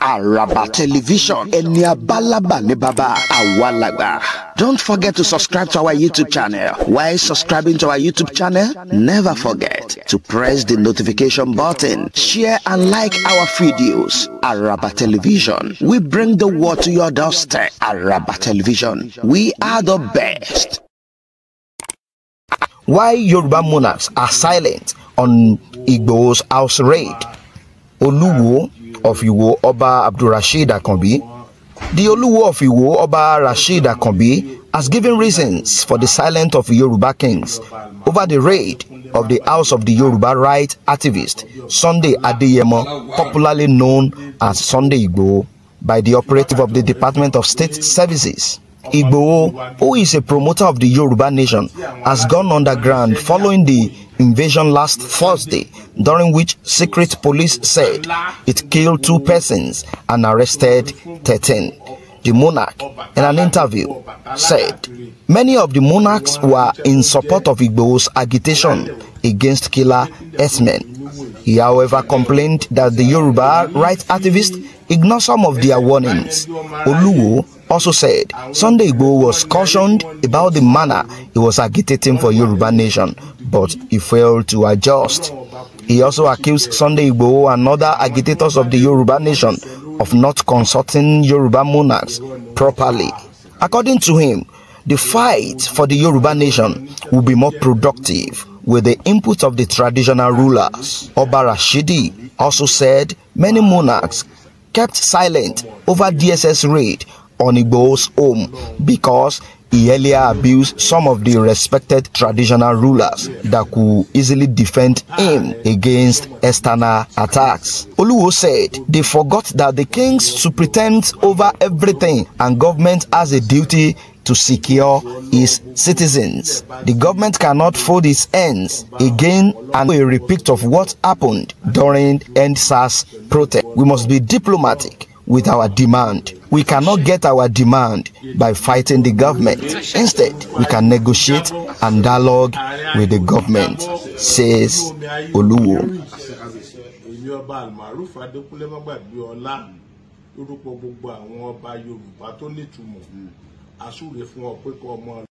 Araba Television. Ẹni abálábà ní bàbá làgbà. Don't forget to subscribe to our YouTube channel. While subscribing to our YouTube channel, never forget to press the notification button, share and like our videos. Araba Television. We bring the world to your doorstep. Araba Television. We are the best. Why Yoruba monarchs are silent on Igbo's house raid? Oluwo of Iwo Oba Abdulrasheed Akanbi. The Oluwo of Iwo Oba Rashid Akanbi has given reasons for the silence of Yoruba kings over the raid of the House of the Yoruba Right activist Sunday Adeyemo, popularly known as Sunday Igboho, by the operative of the Department of State Services. Igboho, who is a promoter of the Yoruba nation, has gone underground following the invasion last Thursday, during which secret police said it killed two persons and arrested 13. The monarch, in an interview, said many of the monarchs were in support of Igbo's agitation against killer S-men He, however, complained that the Yoruba rights activists ignore some of their warnings. Oluwo also said Sunday Igboho was cautioned about the manner he was agitating for Yoruba nation, but he failed to adjust. He also accused Sunday Igboho and other agitators of the Yoruba nation of not consulting Yoruba monarchs properly. According to him, the fight for the Yoruba nation will be more productive with the input of the traditional rulers. Oba Rashidi also said many monarchs kept silent over DSS raid on Igbo's home because he earlier abused some of the respected traditional rulers that could easily defend him against external attacks. Oluwo said they forgot that the kings superintend over everything and government has a duty to secure its citizens. The government cannot fold its hands again and a repeat of what happened during EndSARS protest. We must be diplomatic with our demand. We cannot get our demand by fighting the government. Instead, we can negotiate and dialogue with the government, says Oluwo àsúre fún ọ pé kọ ọmọ